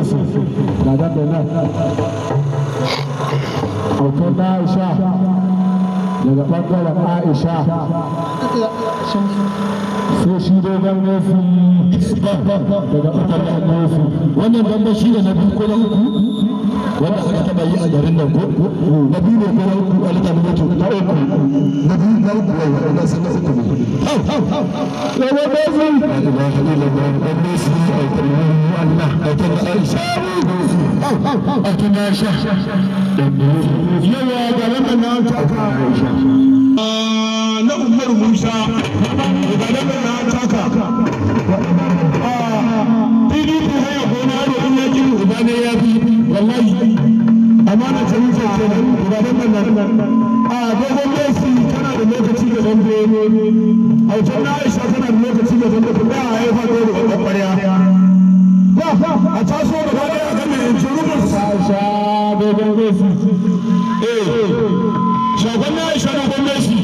Idris Dada Aisha daga ɓangaren Aisha sai shi dogon nufi daga ɓangaren nufi wannan dambe da na biyu ko na uku wanda taba yi a garin nan ko na biyu ne ko na uku a lita na mutu na uku na biyu na uku ne wanda sun na uku ne yawa ba su ba da ba ka ila ba ba ne su ne a kalmar Allah a kan Aisha a kan Aisha yawa ga wannan na ta ka Aisha na Umar Musa ga wannan na ta ka a didi ko haya gona da in ya ubane ya fi wallahi amana ce wuce kenan da nan a dogon lokaci tana da lokaci da zango a wajen na aisha tana da lokaci da zango ku ɗaya a yi fa dole a ƙwarya a taso da ba ɗaya ga mai jirgin aisha dogon lokaci eh shagon na aisha dogon lokaci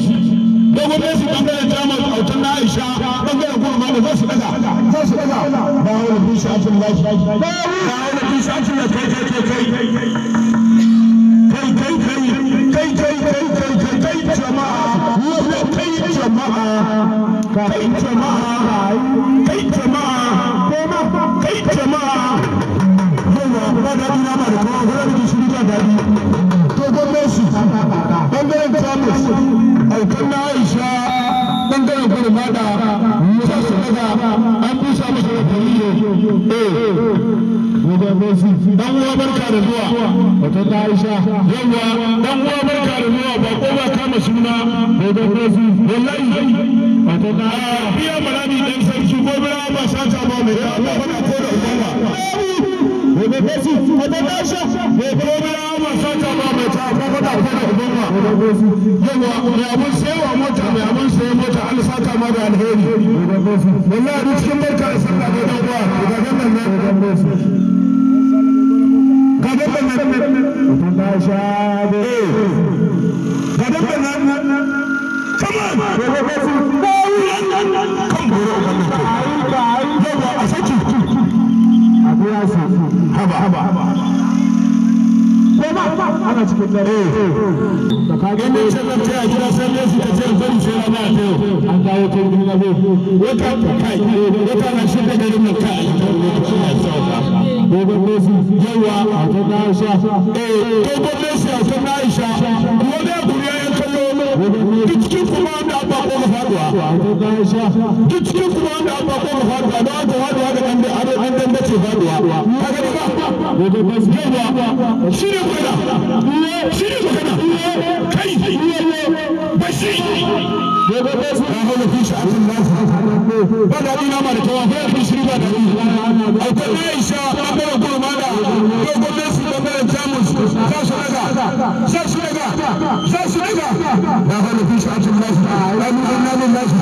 dogon lokaci ɓangaren jamus a wajen na aisha ɓangaren kuma ma da za su ɗaga za su ɗaga ba wani bishin ajin lafi ba wani bishin ajin lafi kai kai kai kai jama'a kai jama'a kai jama'a yawa da shi to su bangaren jamus aikan na aisha bangaren mada su daga an da dan uwa barka da zuwa wato ta aisha yawa dan uwa barka da zuwa ba ko ba kama suna wallahi gosi wata ma ta fafata ko da ubanwa come on musu haba haba ko ana cikin dare eh. da ka ne ce zan taya gida sai ne su ta yau an dawo ta na zo wata kai wata na shi da garin kai yawa a ta eh a ta ku duk cikin kuma wanda ba don ne a za su cika na hana fi shi a cikin nasu da wani gwamnanin nasu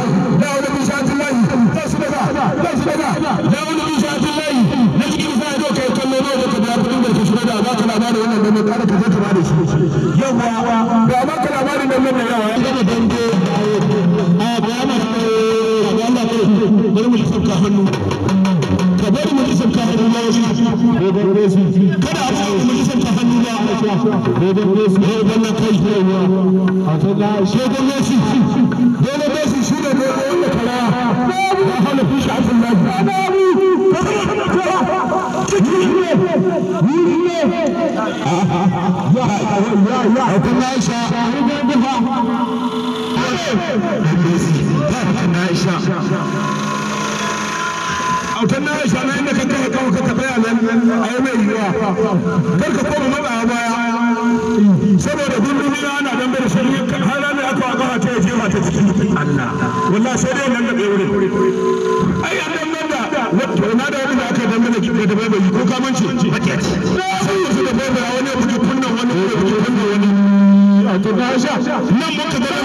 Aisha autan na Aisha na inda kanka ya kawo ka tafiya nan a yi mai yiwa kar ka koma a baya saboda ana shi aka aka ta je ta ciki Allah sai dai nan da bai wuri ai an da wato na da wanda aka dambe kike da ko ka mance sai su da wani ya kunnan wani ya kunnan wani a to Aisha nan muka ga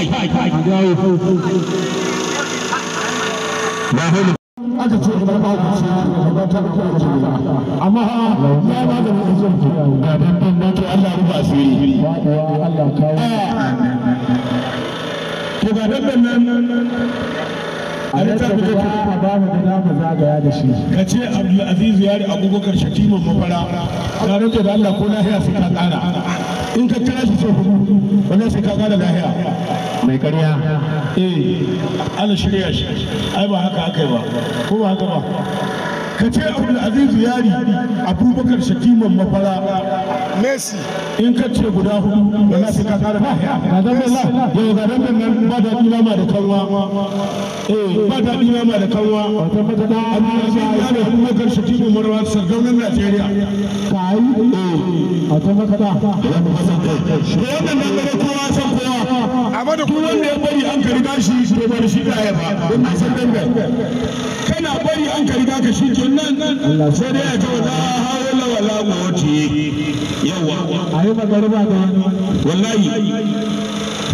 aka ce ina da shi ka ce Abdul Aziz ya da Abubakar Shatiman mafara tare da Allah ko lahiya tsara in ka kira shi sau hudu wannan sai ka gane lahiya mai karya eh ana shirya shi ai ba haka aka yi ba ko ba haka ba ka ce abdulaziz yari abubakar shakiman mafara messi in ka ce guda hudu wala sai ka kara ba ga dambe la yau ga dambe nan ba da dina ma da kanwa eh ba da dina ma da kanwa wata mata da abdulaziz yari abubakar shakiman mafara sargaunan najeriya kai eh wata mata da wannan dambe da kowa san kowa amma da kuma wanda ya bari an ka riga shi to ba shi da ya ba wannan san dambe an ka riga ka shi nan sai dai a ce wala hawla wala quwwata yawa ayi da wallahi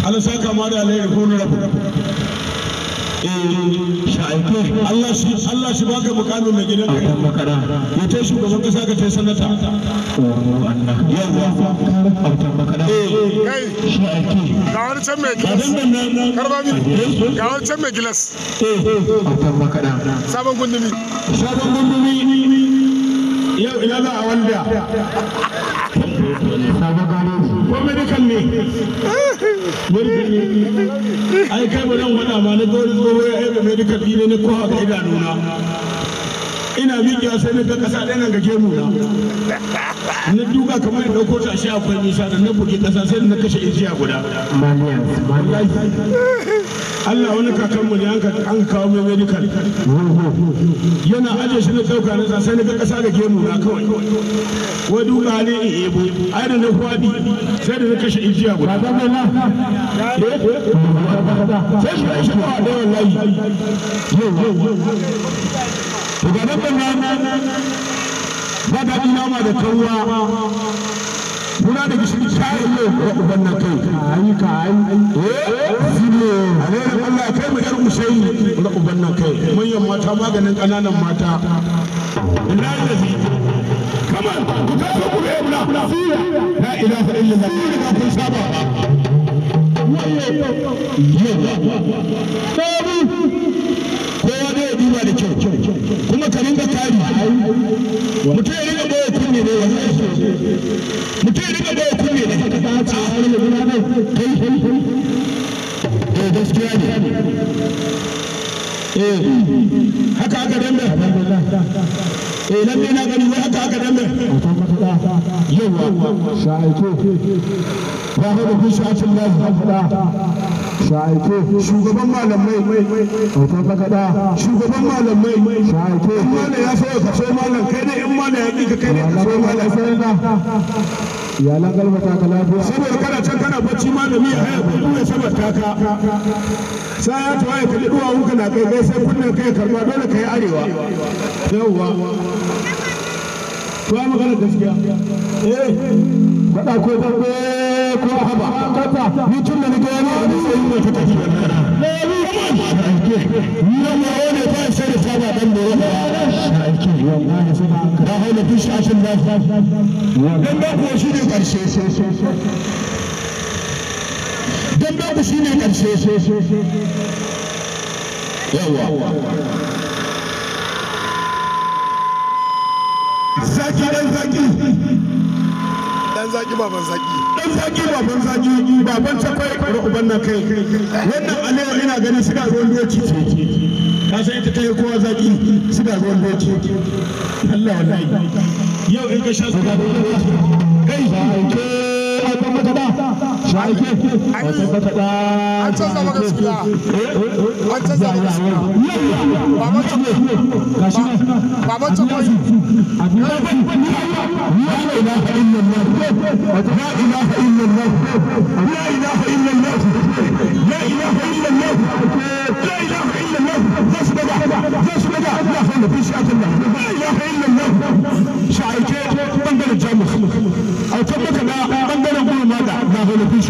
Allah saka ma da alheri ko rabu sha'aife Allah shi Allah shi baka mukamin mai gidan kai makara ya ta shugaban kasa ka sanata yawa autan makara eh. ga wani can mai gilas karba eh. ga wani can mai gilas eh. makara sabon gundumi sabon gundumi wanda sabon ko medical ne murfi ai kai ba zan faɗa ma na gori tsoho ya aika mai duka fili na kowa ga idanuna ina miƙewa sai na ga ƙasa ɗaya nan ga gemu na na duka kamar da ɗauko ta shi akwai nisa da na buge ƙasa sai na kashe injiya guda Allah wani mu ne an kawo mai medical yana ajiye shi na ɗauka na sa sai na ka kasa da gemu na kawai wa duka ne in ebo ai da na kwadi sai da na kashe ijiya guda sai shi ya shi ba da wallahi to ga dabban ba nama da karuwa suna da gishiri shayin ne wa uban na kai kai kai ale eh? alaihi Allah kai mu yar usai wa uban na kai manyan mata maganin kananan mata billahi lazi kaman ku ka so ku yi eh, muna la ilaha illallah ku riga kun saba kowa zai duba da kyau kuma ka ringa tari mutum ya ringa boye ne mutum ya rika bai eh, eh, haka ta haka ne dambe eh gani wai haka dambe sha'aiko ba haka kun shaike shugaban malamai hoton fakada shugaban malamai shaike in malam ya so ka so malam kai ne in malam ya ka kai ne ka so malam sai na iyalan galba ta ka lafiya saboda kana can kana bacci malami ya haya kudu ya saba taka sai ya tawaye ka ji duwa wuka na kai kai sai kunnen kai karba dole ka yi arewa yawwa to ya magana gaskiya eh faɗa ko farko ko haba ni tun da ni ga ne ni an zaki baban zaki an zaki baban zaki baban cakwai kura uban na kai wannan aliya ina gani suna ruwan doci ce ka san ita kai kowa zaki suna ruwan doci Allah wallahi yau in ka sha suka ruwan doci kai an canza maka suna an canza maka suna baban cakoyi baban cakoyi لا إله إلا الله لا إله إلا الله لا إله إلا الله لا إله إلا الله لا إله إلا الله داش بدع داش بدع لا خلنا في شيء الله لا إله إلا الله شعيكي بندر الجامخ أو كبك لا بندر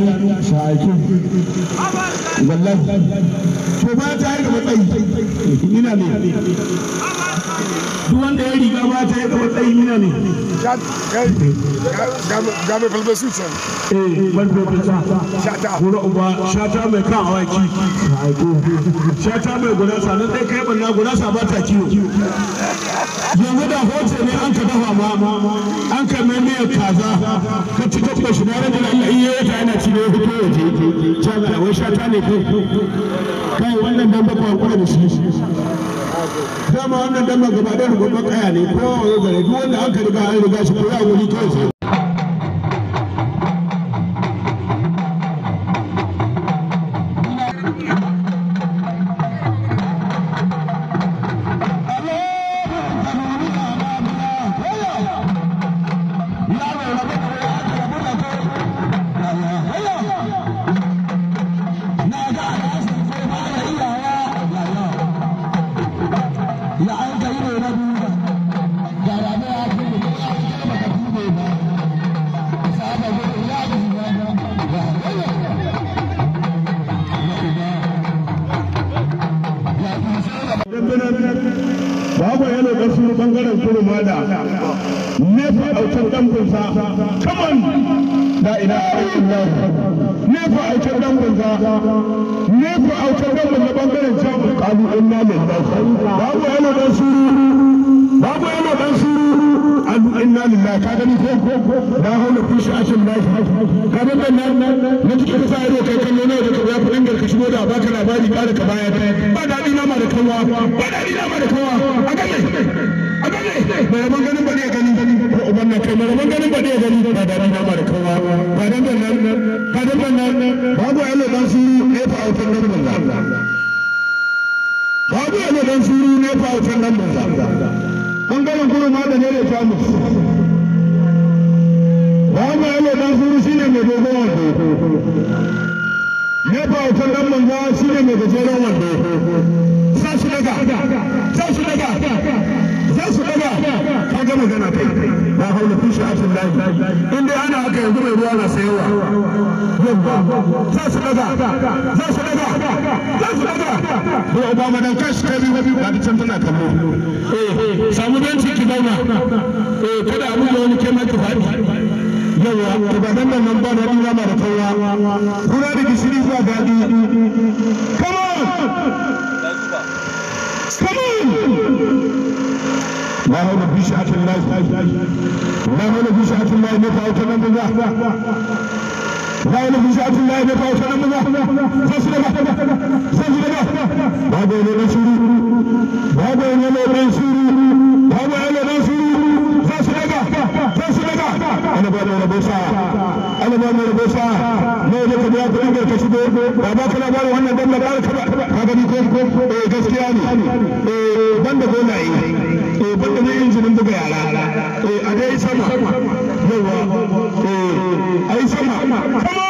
shaki wallahi to ba ta yi da matsayi ina ne duk wanda ya riga ba ta yi da matsayi ina ne ga falbe su can eh falbe fita shata kura uba shata mai kan awaki shata mai nan ɗaya kai banna gurasa ba ta kiwo yanzu da hoce ne an ka dafa ma an ka mai miyar kaza ka ci ta kwashi na rajin Allah iya yana ci shi ne fito waje can ga wai shata ne kai kai wannan dan baka hankula da shi dama wannan dan gaba da rubutun kaya ne kowa wani gare duk wanda aka riga an riga shi ko ya wuri kawai baba babu yalo da su bangaren kudu mada nefa autar dan kunsa kaman la ilaha illallah nefa autar dan kunsa nefa autar dan kunsa bangaren can kalu inna lillahi baba yalo dan su baba yalo dan su alu inna lillahi ka gani ko da haula kun shi ashin ba ka ga ban nan na take ta ido kai kallo ne da ya kudin garka da ka baya ba na ma ba na ma a gane a gane mai ganin ba ko na kai ganin ba da ka dan ban nan babu ayyuka dan su ne bangaren kudu da ne da jamus wanda yalo dan kuru shi ne mai dogon wando ne ba wata dan manga shi ne mai gajeren wando sa daga daga su daga ka ga magana ta ba haula in dai ana haka yanzu mai ruwa na sayawa za su daga za su daga za su daga to dan kashi ba da can tana kallo eh, samu benci ki zauna eh, kada abu da wani kema ki faɗi yawa nan ba mara kowa kuna da gishiri zuwa daɗi come on ለሆነ ቢሻችን ላይ ለሆነ ቢሻችን ላይ ነፋውተን ምዛ ለሆነ ቢሻችን ላይ ነፋውተን ምዛ ተስለባ ተስለባ ባዶ ለነሱሩ ባዶ ለነሱሩ ባዶ ana ba mu rabo sa ana ba mu rabo ka eh, eh, da ba labarin wannan dan ko buga yara eh, a come on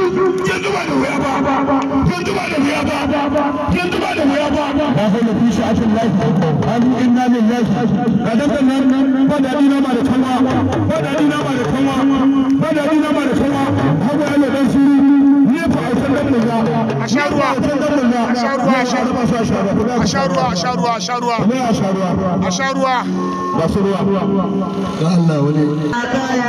yanzu ba a cikin ba ba ba Allah ne a san a sharuwa a a sharuwa a sharuwa a sharuwa a sharuwa a sharuwa a sharuwa a sharuwa ya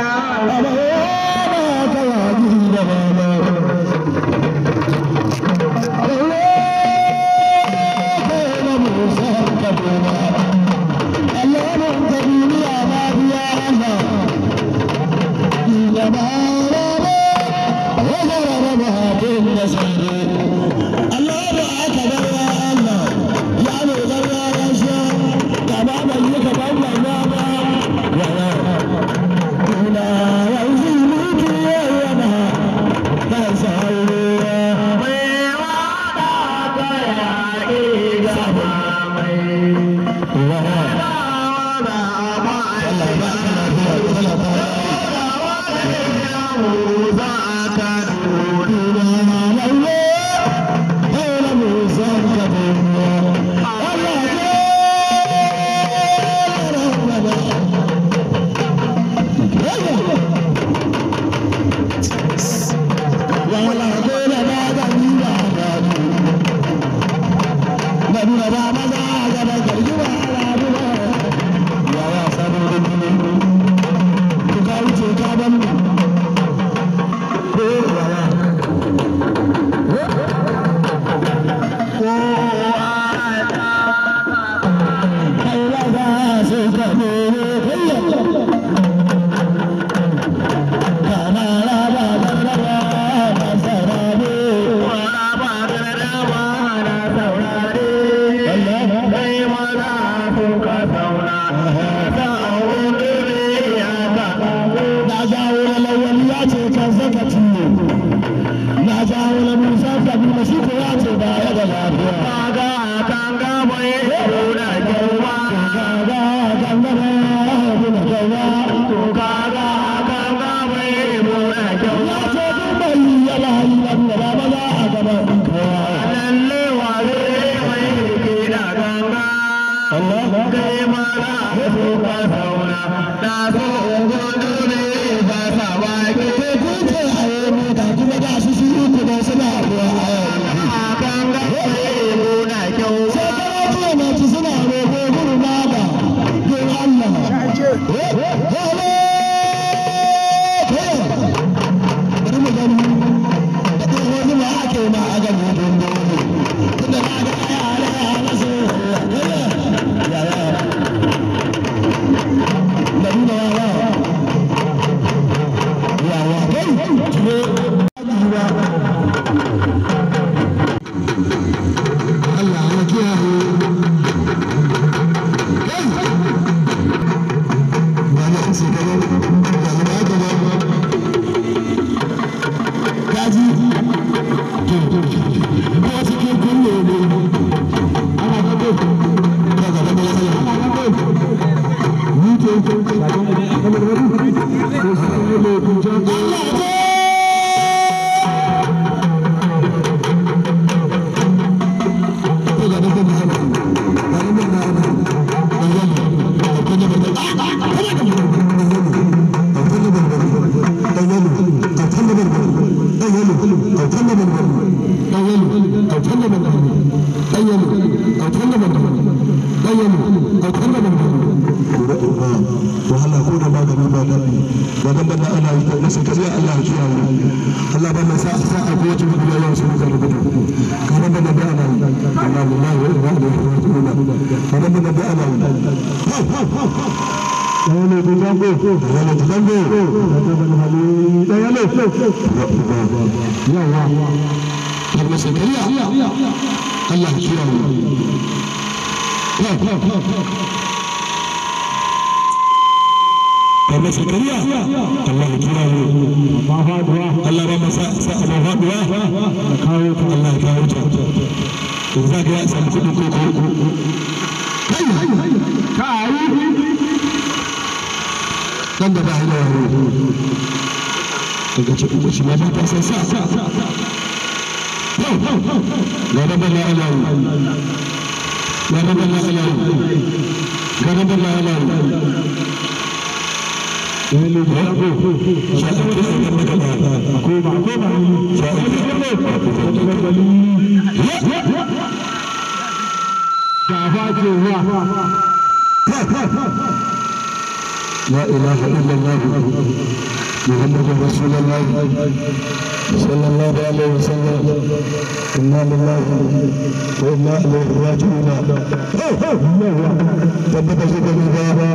nuna Musa Sabi Masiko ya ce ba ya da lafiya. Kaga kan ya Dayale Gudango, Dayale Gudango, Dayale Hali, Dayale, Yawa, Karma Sakariya, Allah kira Allah Karma Allah kira mu. Allah ba masa abu Allah kawo ta. Yanzu ka ya samu kuɗin koko. kai dan gaba hanya daga cikin mashi ma ta san sa gaba gaba ke wa لا إله إلا الله محمد رسول الله صلى الله عليه وسلم إنا لله وإنا إليه راجعون تبت جد الإدارة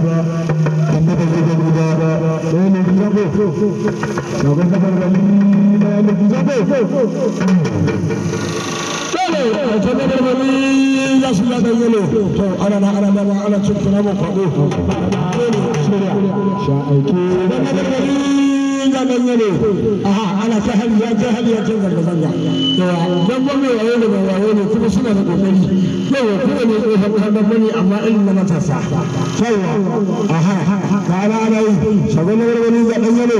تبت جد الإدارة بين الجبه تبت جد الإدارة to ana na ana na ana cin tuna mu kwado sha aiki gangare aha ana ta hali ya je hali zanga zanga yawa dan ba mai wayo da wayo ne kuma suna da kokari yawa kuma ne ko hakan da bane amma irin na matasa yawa aha kala ana yi shagon na gargari ga dangare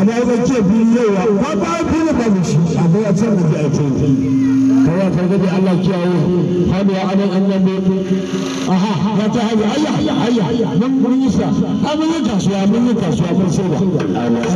ana yi zance biyu yawa ba ba biyu ba mu shi abai a can da ke aiki yawa fargaji Allah kiyaye hamiya anan an yambe aha mun yi sa mun yi